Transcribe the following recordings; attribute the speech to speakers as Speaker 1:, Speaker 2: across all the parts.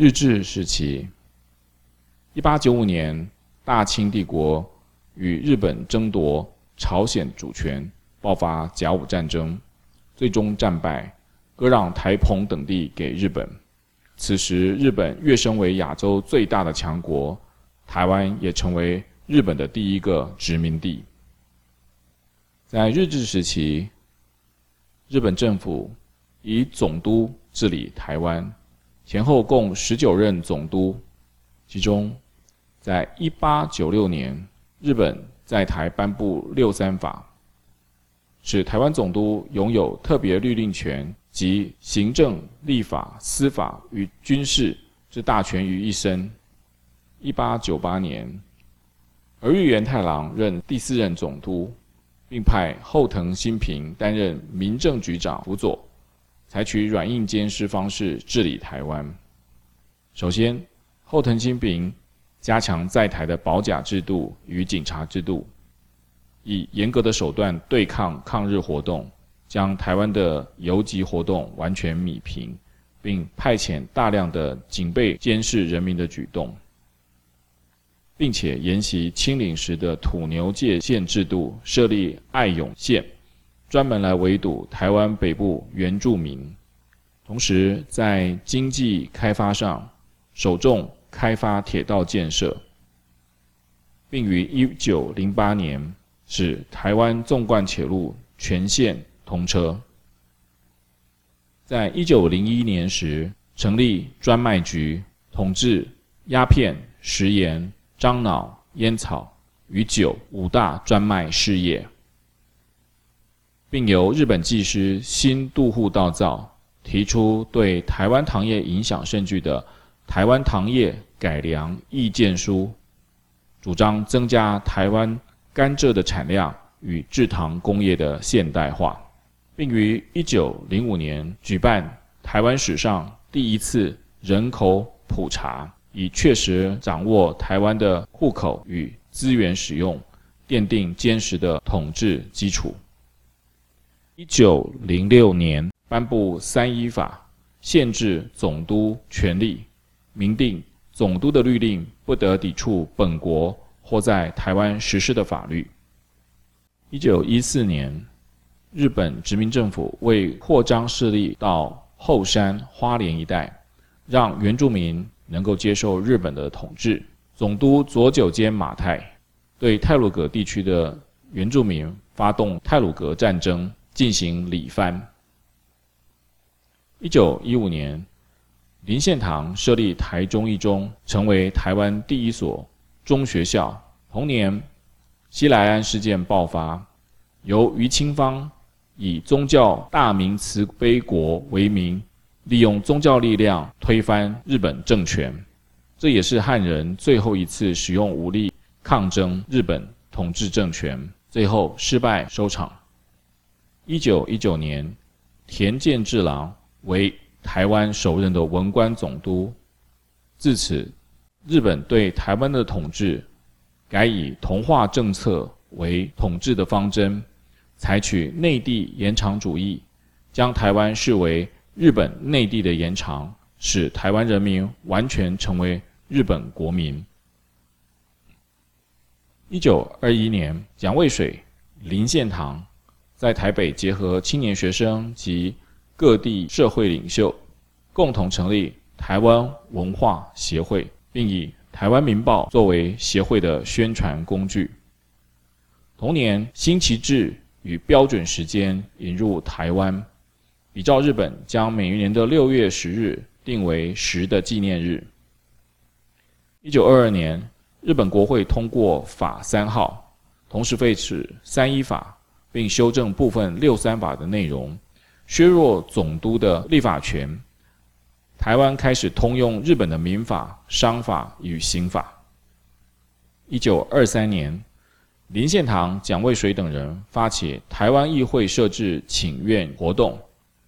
Speaker 1: 日治時期，一八九五年，大清帝國與日本爭奪朝鮮主權，爆發甲午戰爭，最終戰敗，割讓臺澎等地給日本。此時，日本躍升為亞洲最大的強國，臺灣也成為日本的第一個殖民地。在日治時期，日本政府以總督治理臺灣。前後共十九任總督，其中，在一八九六年，日本在台頒布《六三法》，使台灣總督擁有特別律令權及行政、立法、司法與軍事之大權於一身。一八九八年，兒玉源太郎任第四任總督，並派後藤新平擔任民政局長輔佐。採取軟硬兼施方式治理台灣。首先，後藤新平加強在台的保甲制度與警察制度，以嚴格的手段對抗抗日活動，將台灣的游擊活動完全弭平，並派遣大量的警備監視人民的舉動，並且沿襲清領時的土牛界線制度，設立隘勇線。專門來圍堵台灣北部原住民，同時在經濟開發上，首重開發鐵道建設，並於一九零八年使台灣縱貫鐵路全線通車。在一九零一年時，成立專賣局，統治鴉片、食鹽、樟腦、菸草與酒五大專賣事業。並由日本技師新渡戶稻造提出對台灣糖業影響甚巨的《台灣糖業改良意見書》，主張增加台灣甘蔗的產量與製糖工業的現代化，並於一九零五年舉辦台灣史上第一次人口普查，以確實掌握台灣的戶口與資源使用，奠定堅實的統治基礎。一九零六年頒布《三一法》，限制總督權力；明定總督的律令不得抵觸本國或在台灣實施的法律。一九一四年，日本殖民政府為擴張勢力到後山花蓮一帶，讓原住民能夠接受日本的統治，總督佐久間馬太對太魯閣地區的原住民發動太魯閣戰爭。進行理蕃。一九一五年，林獻堂設立台中一中，成為臺灣第一所中學校。同年，西來庵事件爆發，由於清方以宗教大明慈悲國為名，利用宗教力量推翻日本政權，這也是漢人最後一次使用武力抗爭日本統治政權，最後失敗收場。一九一九年，田健治郎為台灣首任的文官總督。自此，日本對台灣的統治改以同化政策為統治的方針，採取內地延長主義，將台灣視為日本內地的延長，使台灣人民完全成為日本國民。一九二一年，蔣渭水、林獻堂，在台北結合青年學生及各地社會領袖，共同成立台灣文化協會，並以《台灣民報》作為協會的宣傳工具。同年，新旗幟與標準時間引入台灣，比照日本，將每一年的六月十日定為十的紀念日。一九二二年，日本國會通過法三號，同時廢止三一法。並修正部分六三法的內容，削弱總督的立法權。台灣開始通用日本的民法、商法與刑法。一九二三年，林獻堂、蔣渭水等人發起台灣議會設置請願活動，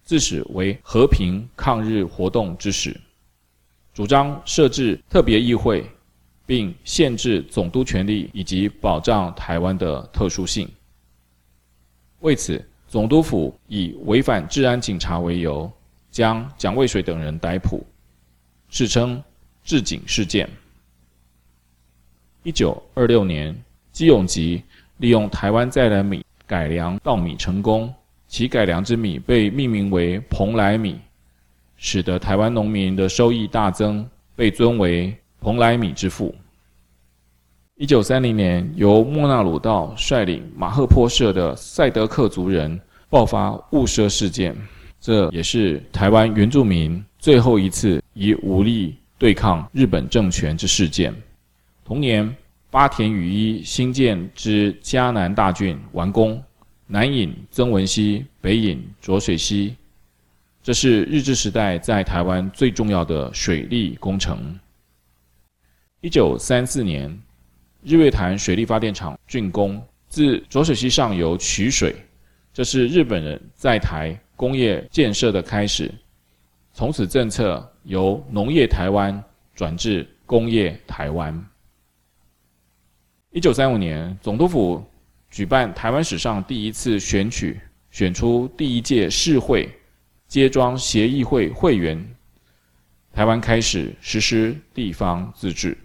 Speaker 1: 自始為和平抗日活動之始，主張設置特別議會，並限制總督權力以及保障台灣的特殊性。為此，總督府以違反治安警察為由，將蔣渭水等人逮捕，史稱“治警事件”。一九二六年，磯永吉利用台灣在來米改良稻米成功，其改良之米被命名為“蓬萊米”，使得台灣農民的收益大增，被尊為“蓬萊米之父”。一九三零年，由莫納魯道率領馬赫坡社的塞德克族人爆發霧社事件，這也是台灣原住民最後一次以武力對抗日本政權之事件。同年，八田與一興建之嘉南大圳完工，南引曾文溪，北引濁水溪，這是日治時代在台灣最重要的水利工程。一九三四年，日月潭水力發電廠竣工，自濁水溪上游取水，這是日本人在台工業建設的開始。從此，政策由農業台灣轉至工業台灣。一九三五年，總督府舉辦台灣史上第一次選舉，選出第一屆市會街莊協議會會員，台灣開始實施地方自治。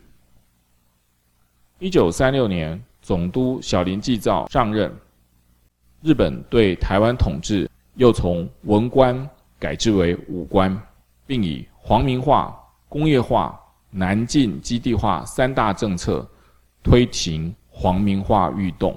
Speaker 1: 一九三六年，總督小林躋造上任，日本對台灣統治又從文官改制為武官，並以皇民化、工業化、南進基地化三大政策推行皇民化運動。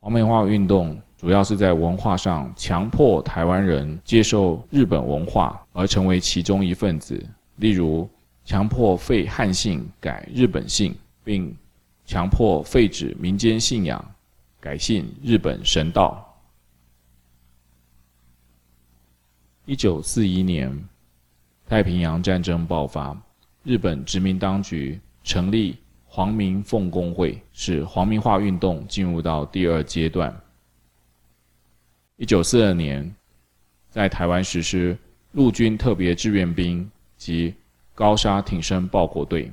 Speaker 1: 皇民化運動主要是在文化上強迫台灣人接受日本文化，而成為其中一份子。例如，強迫廢漢姓改日本姓，並，強迫廢止民間信仰，改信日本神道。一九四一年，太平洋戰爭爆發，日本殖民當局成立皇民奉公會，使皇民化運動進入到第二階段。一九四二年，在台灣實施陸軍特別志願兵及高砂挺身報國隊。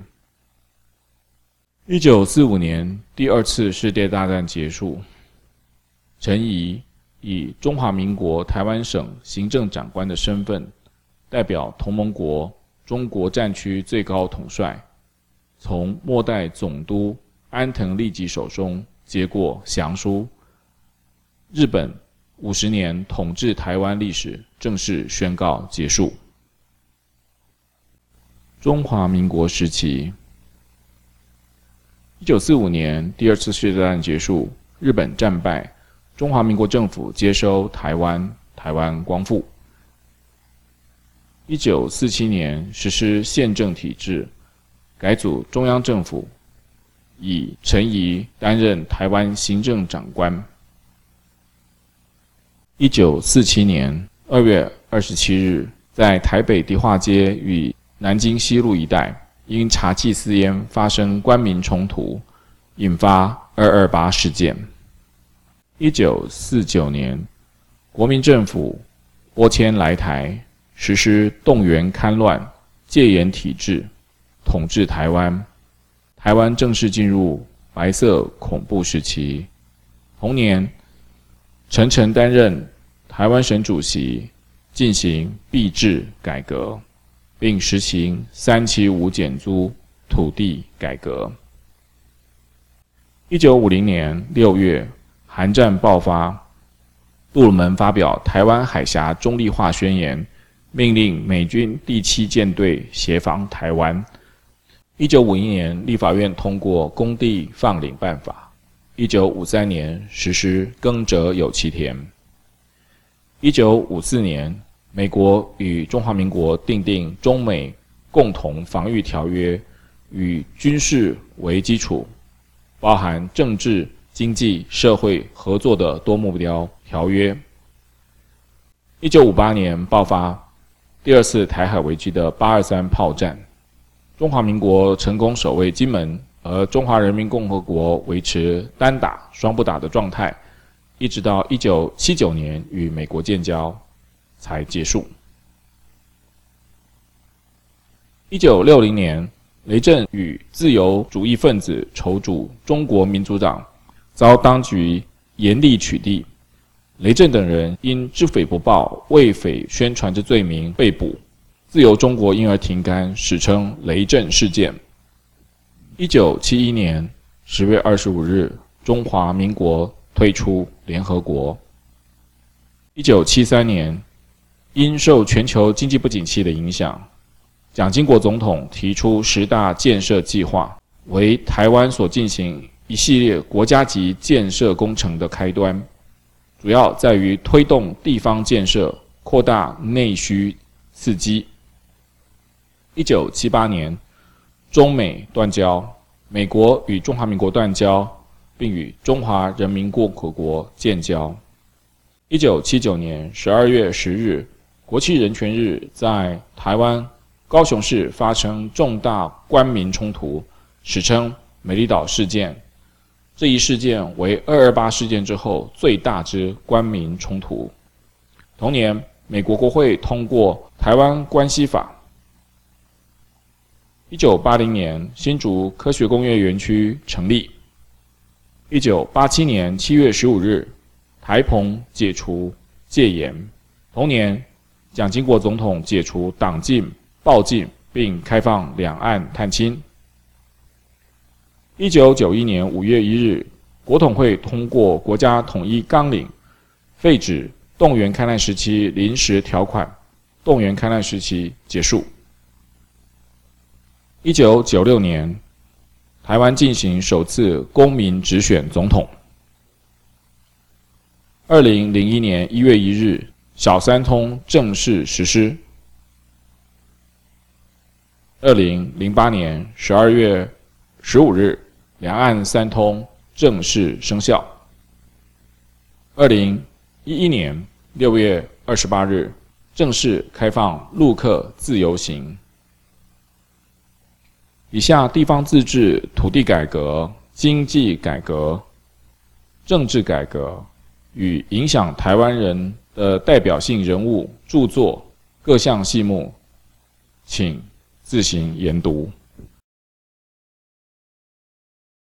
Speaker 1: 一九四五年，第二次世界大戰結束。陳儀以中華民國臺灣省行政長官的身份，代表同盟國中國戰區最高統帥，從末代總督安藤利吉手中接過降書。日本五十年統治臺灣歷史正式宣告結束。中華民國時期。一九四五年，第二次世界大戰結束，日本戰敗，中華民國政府接收台灣，台灣光復。一九四七年實施憲政體制，改組中央政府，以陳儀擔任台灣行政長官。一九四七年二月二十七日，在台北迪化街與南京西路一帶。因查緝私菸發生官民衝突，引發二二八事件。一九四九年，國民政府播遷來台，實施動員戡亂戒嚴體制，統治台灣。台灣正式進入白色恐怖時期。同年，陳誠擔任台灣省主席，進行幣制改革。並實行三七五減租土地改革。一九五零年六月，韓戰爆發，杜魯門發表《臺灣海峽中立化宣言》，命令美軍第七艦隊協防臺灣。一九五一年，立法院通過公地放領辦法。一九五三年實施耕者有其田。一九五四年，美國與中華民國訂定《中美共同防禦條約》，以軍事為基礎，包含政治、經濟、社會合作的多目標條約。一九五八年爆發第二次台海危機的八二三炮戰，中華民國成功守衛金門，而中華人民共和國維持單打雙不打的狀態，一直到一九七九年與美國建交。才結束。一九六零年，雷震與自由主義分子籌組中國民主黨，遭當局嚴厲取締。雷震等人因知匪不報、為匪宣傳之罪名被捕。自由中國因而停刊，史稱“雷震事件”。一九七一年十月二十五日，中華民國退出聯合國。一九七三年。因受全球經濟不景氣的影響，蔣經國總統提出十大建設計劃，為台灣所進行一系列國家級建設工程的開端，主要在於推動地方建設，擴大內需，刺激。一九七八年，中美斷交，美國與中華民國斷交，並與中華人民共和國建交。一九七九年十二月十日。國際人權日在台灣高雄市發生重大官民衝突，史稱“美麗島事件”。這一事件為“二二八事件”之後最大之官民衝突。同年，美國國會通過《台灣關係法》。一九八零年，新竹科學工業園區成立。一九八七年七月十五日，台澎解除戒嚴。同年。蔣經國總統解除黨禁、報禁，並開放兩岸探親。一九九一年五月一日，國統會通過《國家統一綱領》，廢止動員戡亂時期臨時條款，動員戡亂時期結束。一九九六年，臺灣進行首次公民直選總統。二零零一年一月一日。小三通正式實施。二零零八年十二月十五日，兩岸三通正式生效。二零一一年六月二十八日，正式開放陸客自由行。以下地方自治、土地改革、經濟改革、政治改革與影響台灣人。的代表性人物、著作、各項細目，請自行研讀。